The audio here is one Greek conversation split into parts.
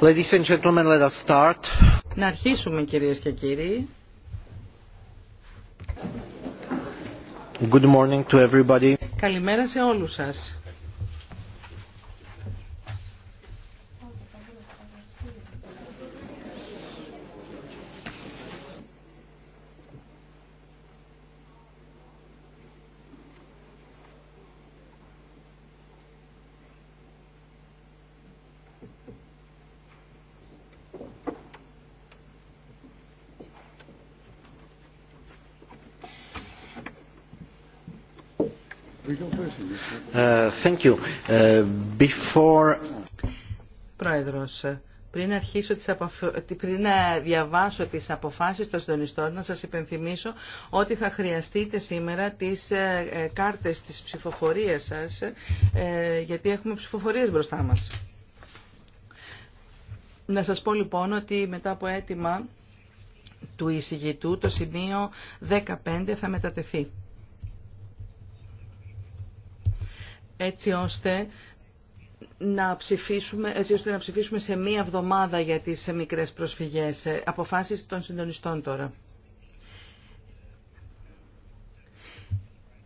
Ladies and gentlemen, let us start. Να αρχίσουμε κυρίες και κύριοι. Good morning to everybody. Καλημέρα σε όλους σας. Thank uh, Πρόεδρος, πριν, αρχίσω τις αποφ... πριν ε, διαβάσω τις αποφάσεις των συντονιστών, να σας υπενθυμίσω ότι θα χρειαστείτε σήμερα τις ε, ε, κάρτες της ψηφοφορίας σας, γιατί έχουμε ψηφοφορίες μπροστά μας. Να σας πω λοιπόν ότι μετά από αίτημα του εισηγητού το σημείο 15 θα μετατεθεί. έτσι ώστε να ψηφίσουμε, έτσι ώστε να ψηφίσουμε σε μία εβδομάδα για τις μικρές προσφυγές. Ε, αποφάσεις των συντονιστών τώρα.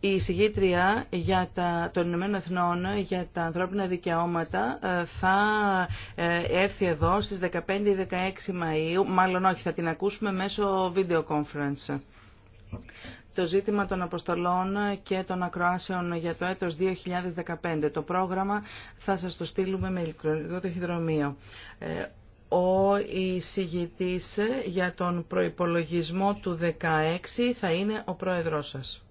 Η εισηγήτρια για τα, των Ηνωμένων Εθνών για τα ανθρώπινα δικαιώματα ε, θα ε, έρθει εδώ στις 15-16 Μαΐου, μάλλον όχι, θα την ακούσουμε μέσω video conference το ζήτημα των αποστολών και των ακροάσεων για το έτος 2015. Το πρόγραμμα θα σας το στείλουμε με ηλεκτρονικό ταχυδρομείο. Ε, ο εισηγητής για τον προϋπολογισμό του 16 θα είναι ο πρόεδρός σας.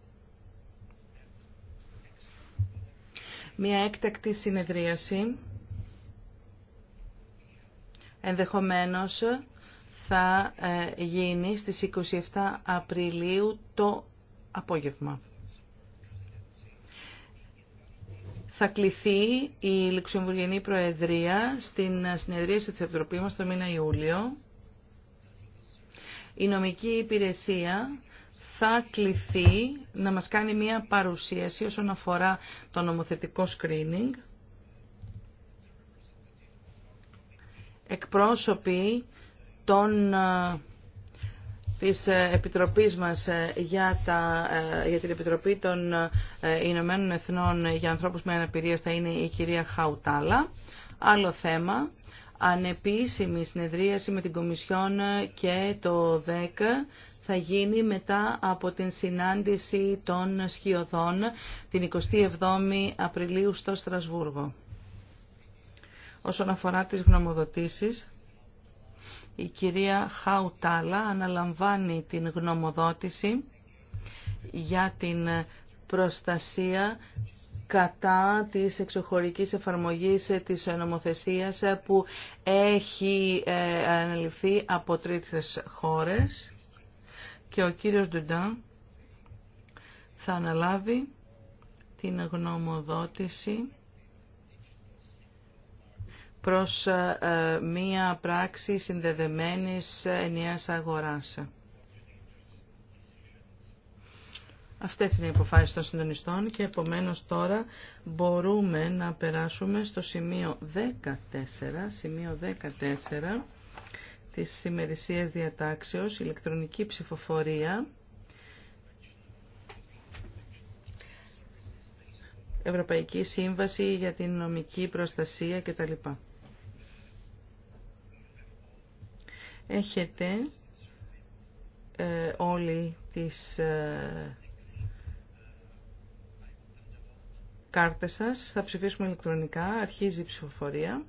Μια έκτακτη συνεδρίαση ενδεχομένως θα ε, γίνει στις 27 Απριλίου το απόγευμα. Θα κληθεί η Λουξεμβουργενή Προεδρία στην συνεδρίαση της Επιτροπής μας το μήνα Ιούλιο. Η νομική υπηρεσία θα κληθεί να μας κάνει μία παρουσίαση όσον αφορά το νομοθετικό screening. Εκπρόσωποι των της ε, Επιτροπής μας ε, για, τα, ε, για την Επιτροπή των Ηνωμένων Εθνών για Ανθρώπους με Αναπηρία θα είναι η κυρία Χαουτάλα. Άλλο θέμα, ανεπίσημη συνεδρίαση με την Κομισιόν και το ΔΕΚ θα γίνει μετά από την συνάντηση των Σχιωδών την 27η Απριλίου στο Στρασβούργο. Όσον αφορά τις γνωμοδοτήσεις, η κυρία Χαουτάλα αναλαμβάνει την γνωμοδότηση για την προστασία κατά της εξωχωρικής εφαρμογής της νομοθεσίας που έχει ε, αναλυθεί από τρίτες χώρες και ο κύριος Ντουντά θα αναλάβει την γνωμοδότηση προς ε, ε, μία πράξη συνδεδεμένης ενιαίας αγοράς. Αυτές είναι οι αποφάσεις των συντονιστών και επομένως τώρα μπορούμε να περάσουμε στο σημείο 14, σημείο 14 της σημερισίας διατάξεως, ηλεκτρονική ψηφοφορία. Ευρωπαϊκή Σύμβαση για την νομική προστασία κτλ. έχετε ε, όλοι τις ε, κάρτες σας. Θα ψηφίσουμε ηλεκτρονικά. Αρχίζει η ψηφοφορία.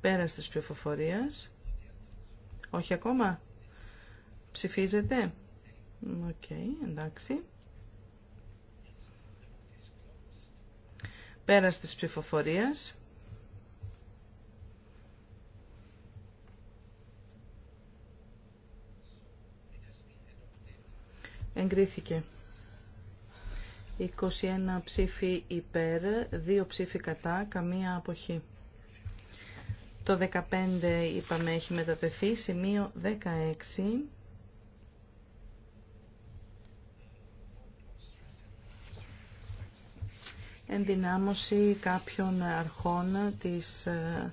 Πέρας της ψηφοφορίας. Όχι ακόμα. Ψηφίζετε. Οκ, okay, εντάξει. Πέρας της ψηφοφορίας. εγκρίθηκε. 21 ψήφοι υπέρ, 2 ψήφοι κατά, καμία αποχή. Το 15 είπαμε έχει μετατεθεί, σημείο 16. ενδυνάμωση κάποιων αρχών της ε,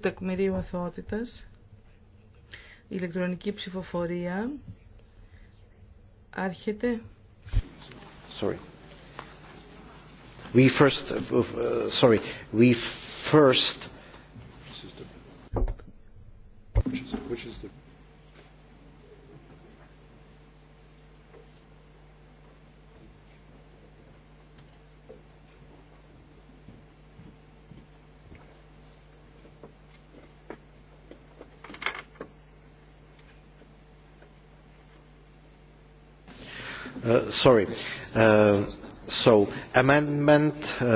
τεκμηρίου αθωότητας ηλεκτρονική ψηφοφορία. Άρχεται. Sorry. We first, sorry, we first. Which is the Uh, sorry. Uh, so, amendment uh,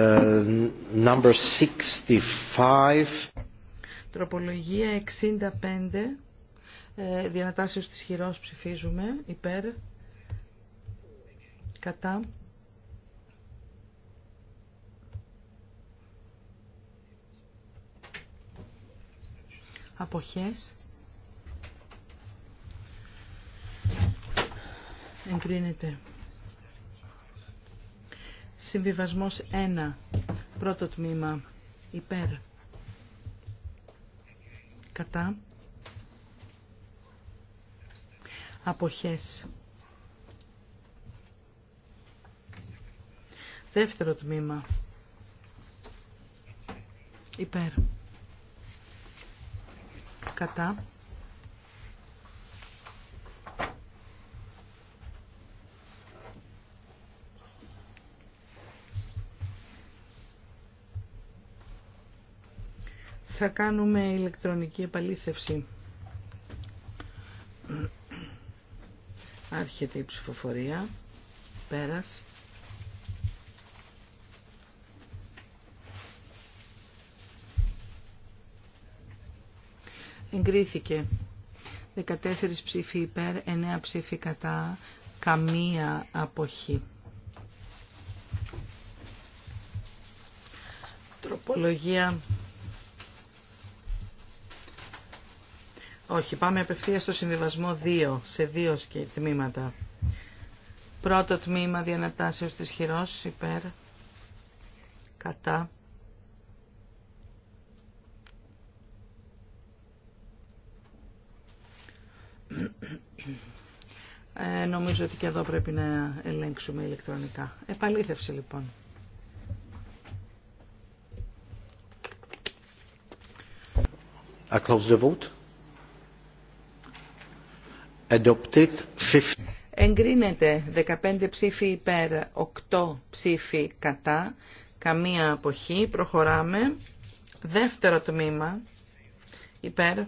number 65. Τροπολογία 65. Ε, διανατάσεως της χειρός ψηφίζουμε. Υπέρ. Κατά. Αποχές. Εγκρίνεται. Συμβιβασμός 1. Πρώτο τμήμα. Υπέρ. Κατά. Αποχές. Δεύτερο τμήμα. Υπέρ. Κατά. θα κάνουμε ηλεκτρονική επαλήθευση. Άρχεται η ψηφοφορία. Πέρας. Εγκρίθηκε. 14 ψήφοι υπέρ, 9 ψήφοι κατά, καμία αποχή. Τροπολογία Όχι, πάμε απευθεία στο συμβιβασμό 2, σε δύο τμήματα. Πρώτο τμήμα διανατάσεως της χειρός, υπέρ, κατά. Ε, νομίζω ότι και εδώ πρέπει να ελέγξουμε ηλεκτρονικά. Επαλήθευση λοιπόν. I close the Adopted Εγκρίνεται 15 ψήφοι υπέρ, 8 ψήφοι κατά, καμία αποχή. Προχωράμε. Δεύτερο τμήμα υπέρ,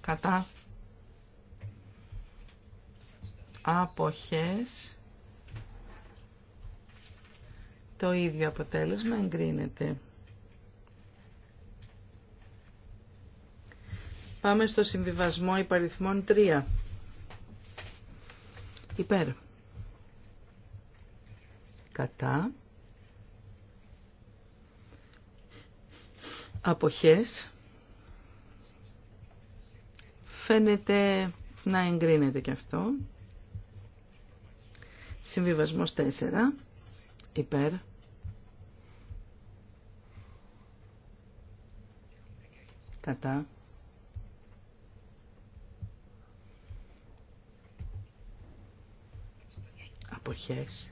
κατά, αποχές. Το ίδιο αποτέλεσμα εγκρίνεται. Πάμε στο συμβιβασμό υπαριθμών 3. Υπέρ. Κατά. Αποχές. Φαίνεται να εγκρίνεται και αυτό. Συμβιβασμός 4. Υπέρ. Κατά. αποχές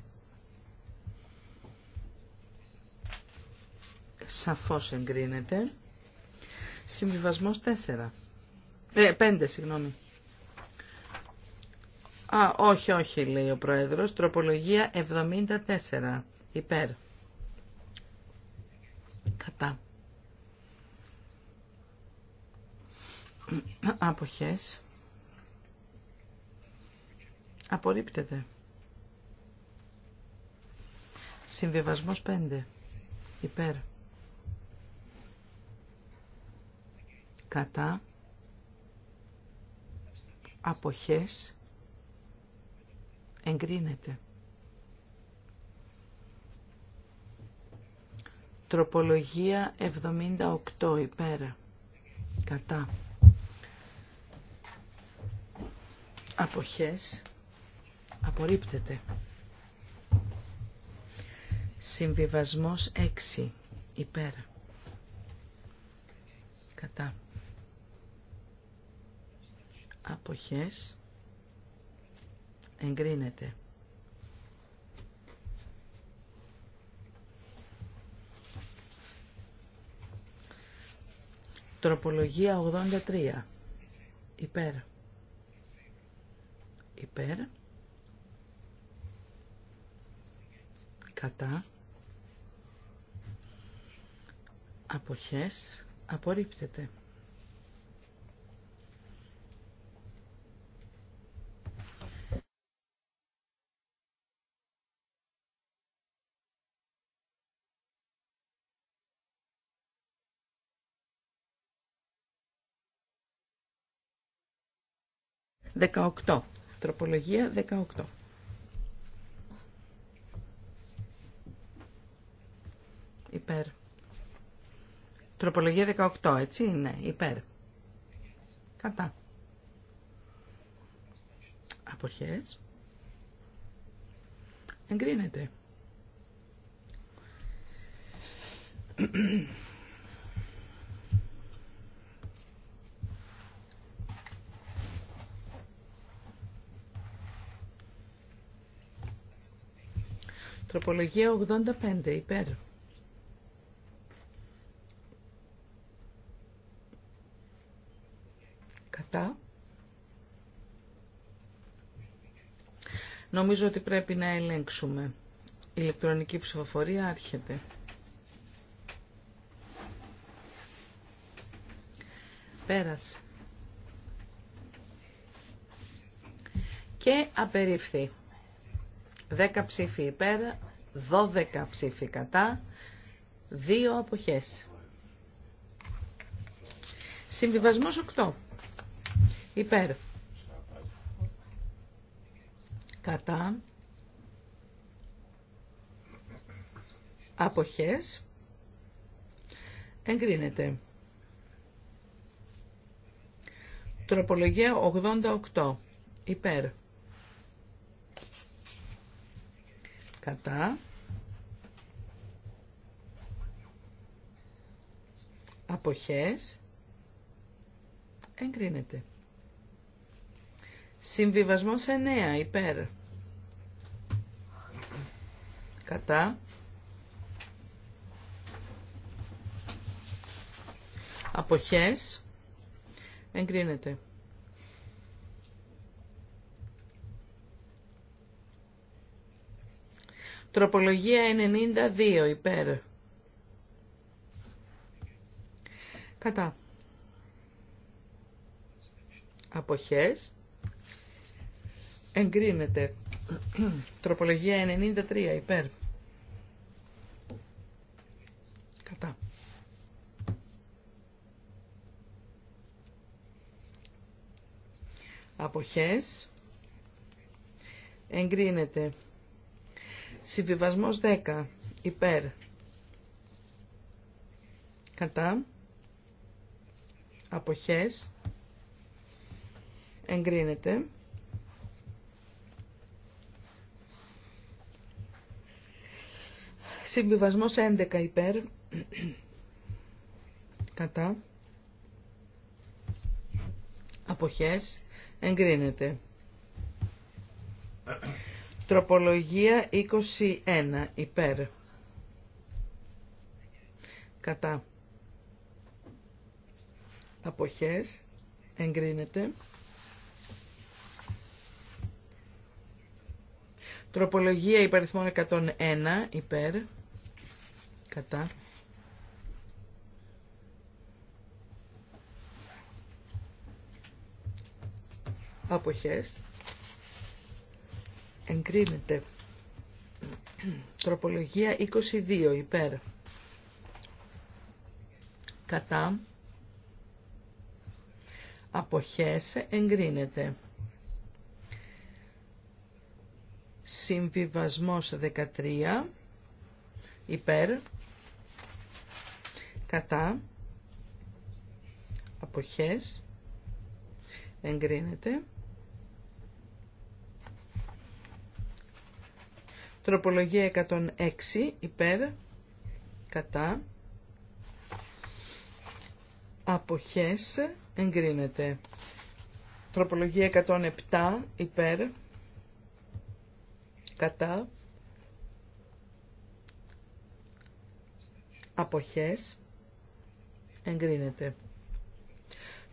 σαφώς εγκρίνεται συμβιβασμός 4 ε, 5 συγγνώμη Α, όχι, όχι, λέει ο Πρόεδρος. Τροπολογία 74. Υπέρ. Κατά. Αποχές. Απορρίπτεται. Συμβιβασμός 5. Υπέρ. Κατά. Αποχές. Εγκρίνεται. Τροπολογία 78 υπέρ. Κατά. Αποχές. Απορρίπτεται. Συμβιβασμός 6. Υπέρ. Κατά. Αποχές. Εγκρίνεται. Τροπολογία 83. Υπέρ. Υπέρ. Κατά. αποχές απορρίπτεται. Δεκαοκτώ. Τροπολογία δεκαοκτώ. Υπέρ. Τροπολογία 18, έτσι είναι, υπέρ. Κατά. Αποχές. Εγκρίνεται. Τροπολογία 85, υπέρ. νομίζω ότι πρέπει να ελέγξουμε. Η Ηλεκτρονική ψηφοφορία άρχεται. Πέρασε. Και απερίφθη. 10 ψήφοι υπέρ, 12 ψήφοι κατά, 2 αποχές. Συμβιβασμός 8. Υπέρ κατά αποχές εγκρίνεται. Τροπολογία 88 υπέρ κατά αποχές εγκρίνεται. Συμβιβασμός 9 υπέρ. Κατά. Αποχές. Εγκρίνεται. Τροπολογία 92 υπέρ. Κατά. Αποχές εγκρίνεται. Τροπολογία 93 υπέρ. Κατά. Αποχές. Εγκρίνεται. Συμβιβασμός 10 υπέρ. Κατά. Αποχές. Εγκρίνεται. Συμβιβασμός 11 υπέρ. Κατά. Αποχές. Εγκρίνεται. Τροπολογία 21 υπέρ. Κατά. Αποχές. Εγκρίνεται. Τροπολογία υπαριθμών 101 υπέρ κατά αποχές εγκρίνεται τροπολογία 22 υπέρ κατά αποχές εγκρίνεται συμβιβασμός 13 υπέρ κατά αποχές εγκρίνεται τροπολογία 106 υπέρ κατά αποχές εγκρίνεται τροπολογία 107 υπέρ κατά αποχές εγκρίνεται.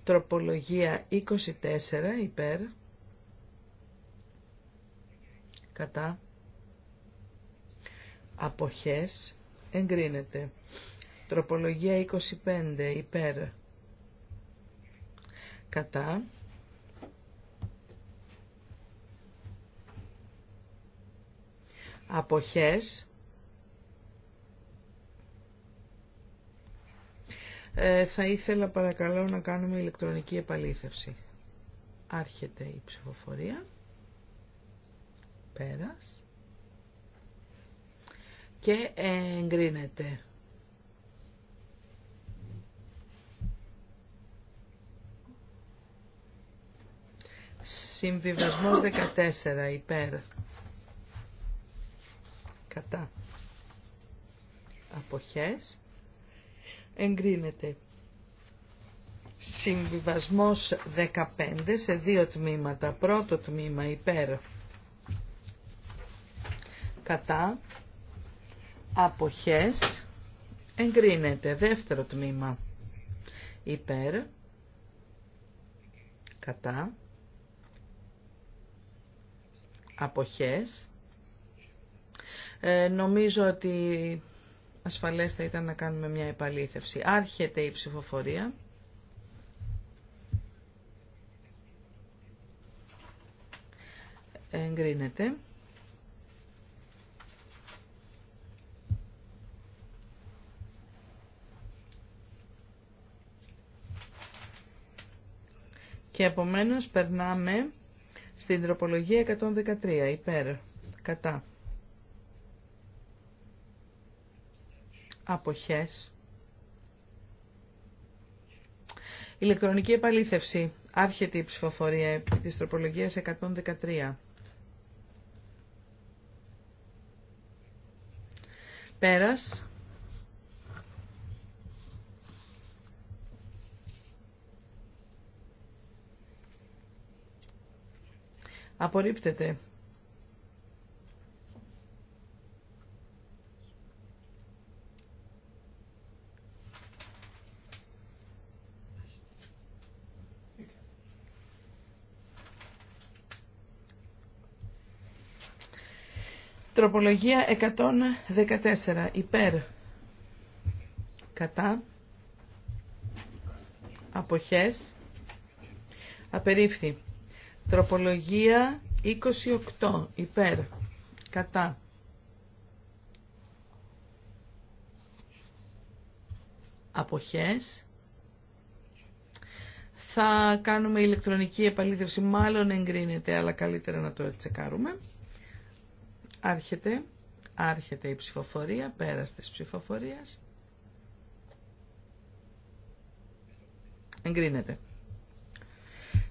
Τροπολογία 24 υπέρ κατά αποχές εγκρίνεται. Τροπολογία 25 υπέρ κατά αποχές Ε, θα ήθελα παρακαλώ να κάνουμε ηλεκτρονική επαλήθευση. Άρχεται η ψηφοφορία. Πέρας. Και εγκρίνεται. Συμβιβασμός 14 υπέρ. Κατά. Αποχές εγκρίνεται. Συμβιβασμός 15 σε δύο τμήματα. Πρώτο τμήμα υπέρ κατά αποχές εγκρίνεται. Δεύτερο τμήμα υπέρ κατά αποχές. Ε, νομίζω ότι ασφαλές θα ήταν να κάνουμε μια επαλήθευση. Άρχεται η ψηφοφορία. Εγκρίνεται. Και επομένως περνάμε στην τροπολογία 113, υπέρ, κατά. αποχές. Ηλεκτρονική επαλήθευση. Άρχεται η ψηφοφορία της τροπολογίας 113. Πέρας. Απορρίπτεται. Τροπολογία 114. Υπέρ. Κατά. Αποχές. Απερίφθη. Τροπολογία 28. Υπέρ. Κατά. Αποχές. Θα κάνουμε ηλεκτρονική επαλήθευση. Μάλλον εγκρίνεται, αλλά καλύτερα να το τσεκάρουμε. Άρχεται. Άρχεται η ψηφοφορία. Πέρας της ψηφοφορίας. Εγκρίνεται.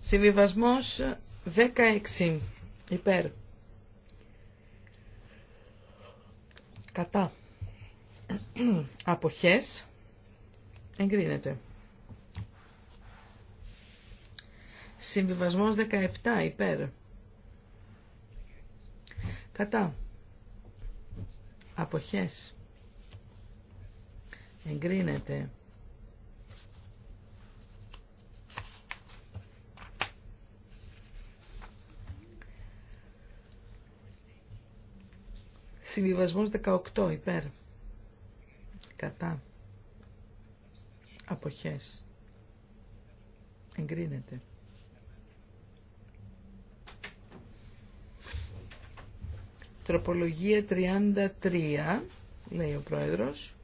Συμβιβασμός 16. Υπέρ. Κατά. Αποχές. Εγκρίνεται. Συμβιβασμός 17. Υπέρ. Κατά αποχές εγκρίνεται Συμβιβασμός 18 υπέρ κατά αποχές εγκρίνεται Τροπολογία 33, λέει ο Πρόεδρος.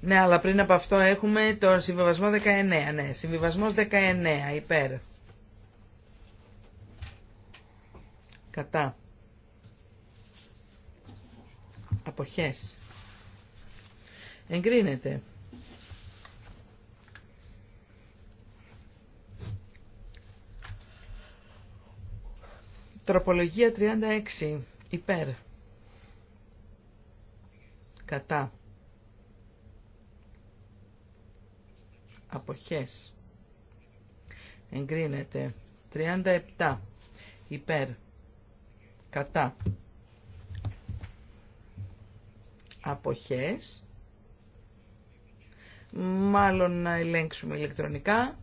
Ναι, αλλά πριν από αυτό έχουμε τον συμβιβασμό 19. Ναι, συμβιβασμός 19, υπέρ. Κατά. Αποχές. Εγκρίνεται. Τροπολογία 36. Υπέρ. Κατά. Αποχές. Εγκρίνεται. 37. Υπέρ. Κατά. Αποχές. Μάλλον να ελέγξουμε ηλεκτρονικά.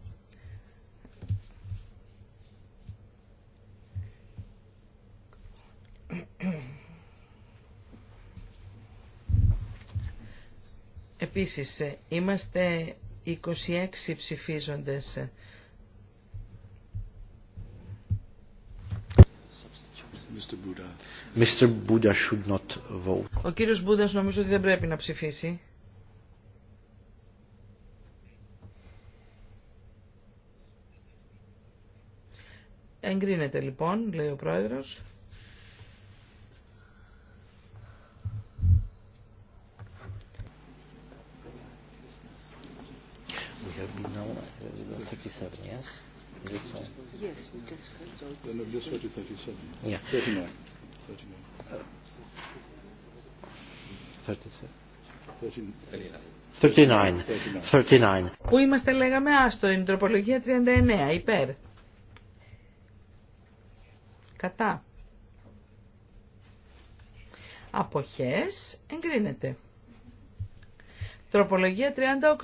Επίσης, ε, είμαστε 26 ψηφίζοντες. Mr. Buddha should not vote. Ο κύριος Μπούντας νομίζω ότι δεν πρέπει να ψηφίσει. Εγκρίνεται λοιπόν, λέει ο πρόεδρος. 37, yes? Yes, we just heard 37. Yeah. 39. 39. 39. 39. Πού είμαστε λέγαμε άστο, είναι τροπολογία 39, υπέρ. Κατά. Αποχές εγκρίνεται. Τροπολογία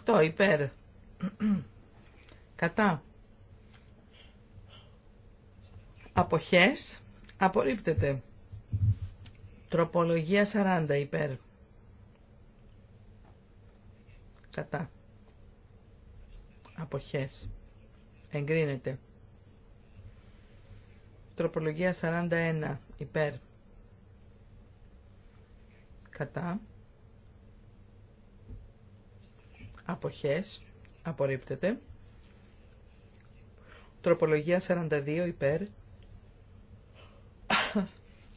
38, υπέρ κατά αποχές απορρίπτεται. Τροπολογία 40 υπέρ. Κατά. Αποχές. Εγκρίνεται. Τροπολογία 41 υπέρ. Κατά. Αποχές. Απορρίπτεται. Τροπολογία 42 υπέρ.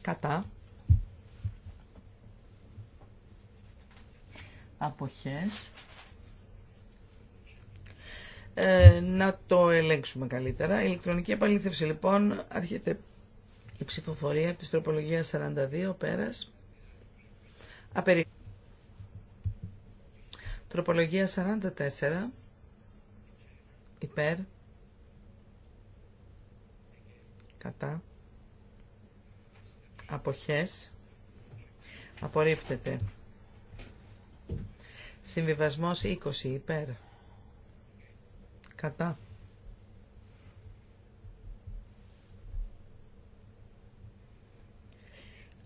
Κατά. Αποχές. Ε, να το ελέγξουμε καλύτερα. Η ηλεκτρονική επαλήθευση λοιπόν αρχίζεται η ψηφοφορία από τη τροπολογία 42 πέρας. Απερι... Τροπολογία 44 υπέρ. κατά αποχές απορρίπτεται. Συμβιβασμός 20 υπέρ κατά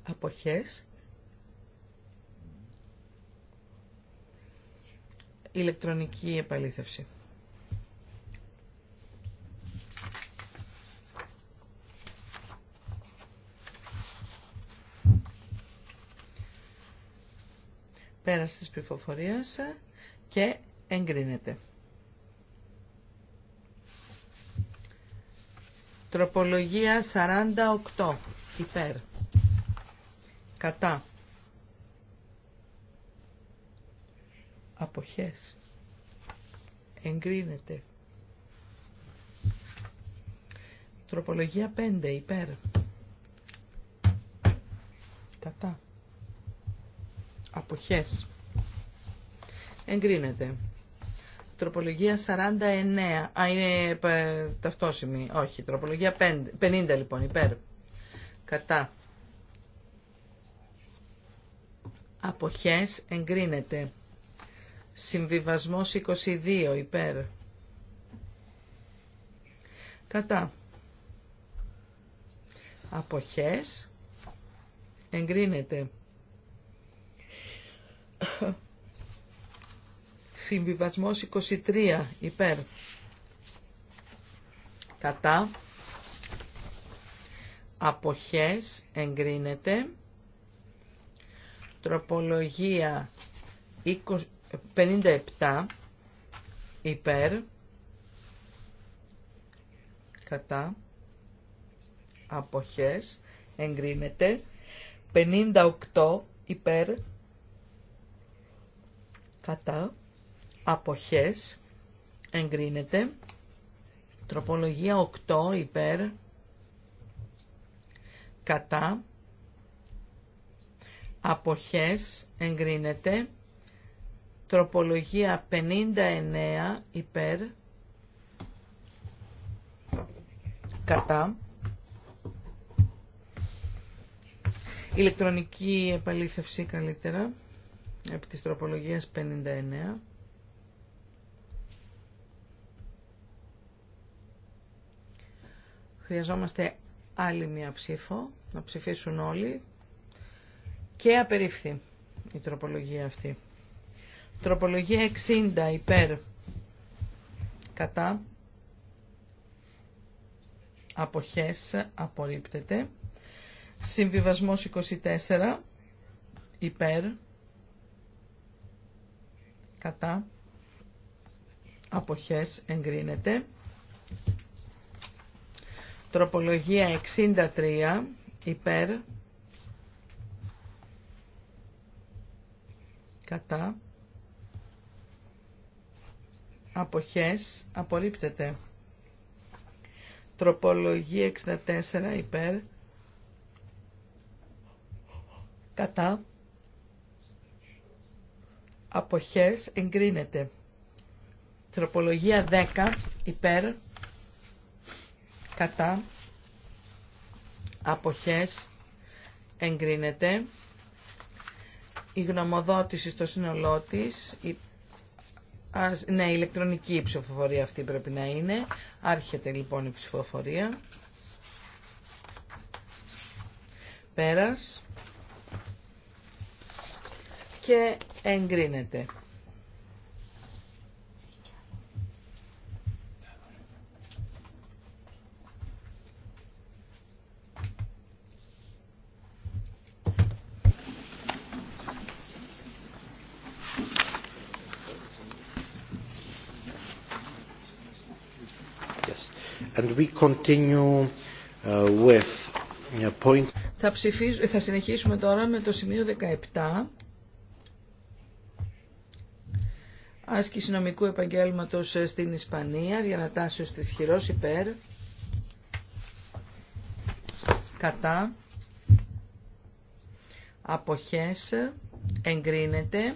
αποχές ηλεκτρονική επαλήθευση. πέρας της πληροφορία και εγκρίνεται. Τροπολογία 48. Υπέρ. Κατά. Αποχές. Εγκρίνεται. Τροπολογία 5. Υπέρ. Κατά. Αποχές. Εγκρίνεται. Τροπολογία 49. Α, είναι ε, ταυτόσημη. Όχι. Τροπολογία 5, 50 λοιπόν. Υπέρ. Κατά. Αποχές. Εγκρίνεται. Συμβιβασμός 22. Υπέρ. Κατά. Αποχές. Εγκρίνεται. Συμβιβασμός 23 υπέρ. Κατά. Αποχές εγκρίνεται. Τροπολογία 57 υπέρ. Κατά. Αποχές εγκρίνεται. 58 υπέρ κατά αποχές εγκρίνεται. Τροπολογία 8 υπέρ κατά αποχές εγκρίνεται. Τροπολογία 59 υπέρ κατά ηλεκτρονική επαλήθευση καλύτερα επί της τροπολογίας 59 Χρειαζόμαστε άλλη μία ψήφο, να ψηφίσουν όλοι. Και απερίφθη η τροπολογία αυτή. Τροπολογία 60 υπέρ κατά αποχές απορρίπτεται. Συμβιβασμός 24 υπέρ κατά αποχές εγκρίνεται. Τροπολογία 63 υπέρ κατά αποχές απορρίπτεται. Τροπολογία 64 υπέρ κατά αποχές εγκρίνεται. Τροπολογία 10 υπέρ κατά αποχές εγκρίνεται η γνωμοδότηση στο σύνολό της ναι, η... ηλεκτρονική ψηφοφορία αυτή πρέπει να είναι άρχεται λοιπόν η ψηφοφορία πέρας και εγκρίνεται Uh, uh, θα, συνεχίσουμε τώρα με το σημείο 17 άσκηση νομικού επαγγέλματος ε, στην Ισπανία διανατάσσεως της χειρός υπέρ κατά αποχές εγκρίνεται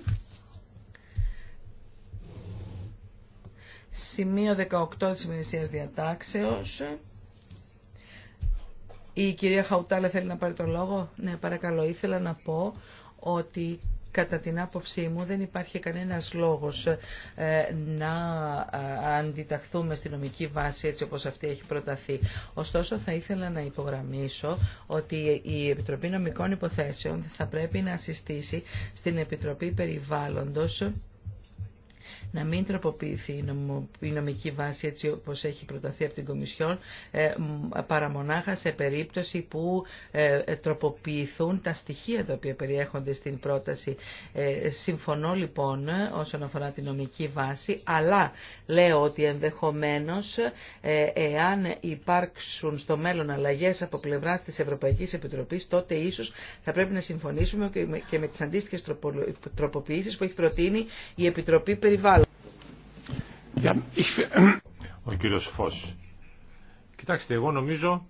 Σημείο 18 της ημερησίας διατάξεως. Η κυρία Χαουτάλα θέλει να πάρει το λόγο. Ναι, παρακαλώ. Ήθελα να πω ότι κατά την άποψή μου δεν υπάρχει κανένας λόγος ε, να ε, αντιταχθούμε στη νομική βάση έτσι όπως αυτή έχει προταθεί. Ωστόσο θα ήθελα να υπογραμμίσω ότι η Επιτροπή Νομικών Υποθέσεων θα πρέπει να συστήσει στην Επιτροπή Περιβάλλοντος να μην τροποποιηθεί η νομική βάση έτσι όπως έχει προταθεί από την Κομισιόν ε, παρά μονάχα σε περίπτωση που ε, τροποποιηθούν τα στοιχεία τα οποία περιέχονται στην πρόταση. Ε, συμφωνώ λοιπόν όσον αφορά την νομική βάση, αλλά λέω ότι ενδεχομένως εάν υπάρξουν στο μέλλον αλλαγές από πλευρά της Ευρωπαϊκής Επιτροπής, τότε ίσως θα πρέπει να συμφωνήσουμε και με τις αντίστοιχες τροποποιήσεις που έχει προτείνει η Επιτροπή Περιβάλλον. Ο κύριος Φως. Κοιτάξτε, εγώ νομίζω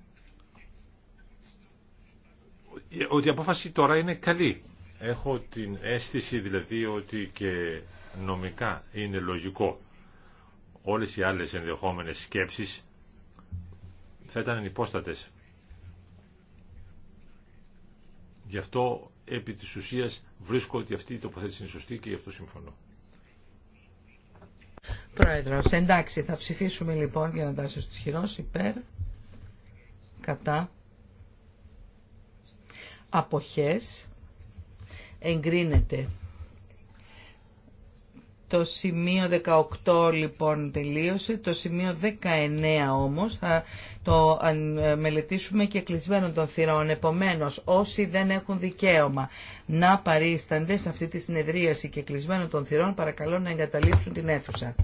ότι η απόφαση τώρα είναι καλή. Έχω την αίσθηση δηλαδή ότι και νομικά είναι λογικό. Όλες οι άλλες ενδεχόμενες σκέψεις θα ήταν υπόστατες Γι' αυτό επί της ουσίας βρίσκω ότι αυτή η τοποθέτηση είναι σωστή και γι' αυτό συμφωνώ. Πρόεδρος, εντάξει, θα ψηφίσουμε λοιπόν για να τάσω στους χειρός, υπέρ, κατά, αποχές, εγκρίνεται. Το σημείο 18 λοιπόν τελείωσε, το σημείο 19 όμως θα το ε, μελετήσουμε και κλεισμένο των θυρών. Επομένως όσοι δεν έχουν δικαίωμα να παρίστανται σε αυτή τη συνεδρίαση και κλεισμένο των θυρών παρακαλώ να εγκαταλείψουν την αίθουσα.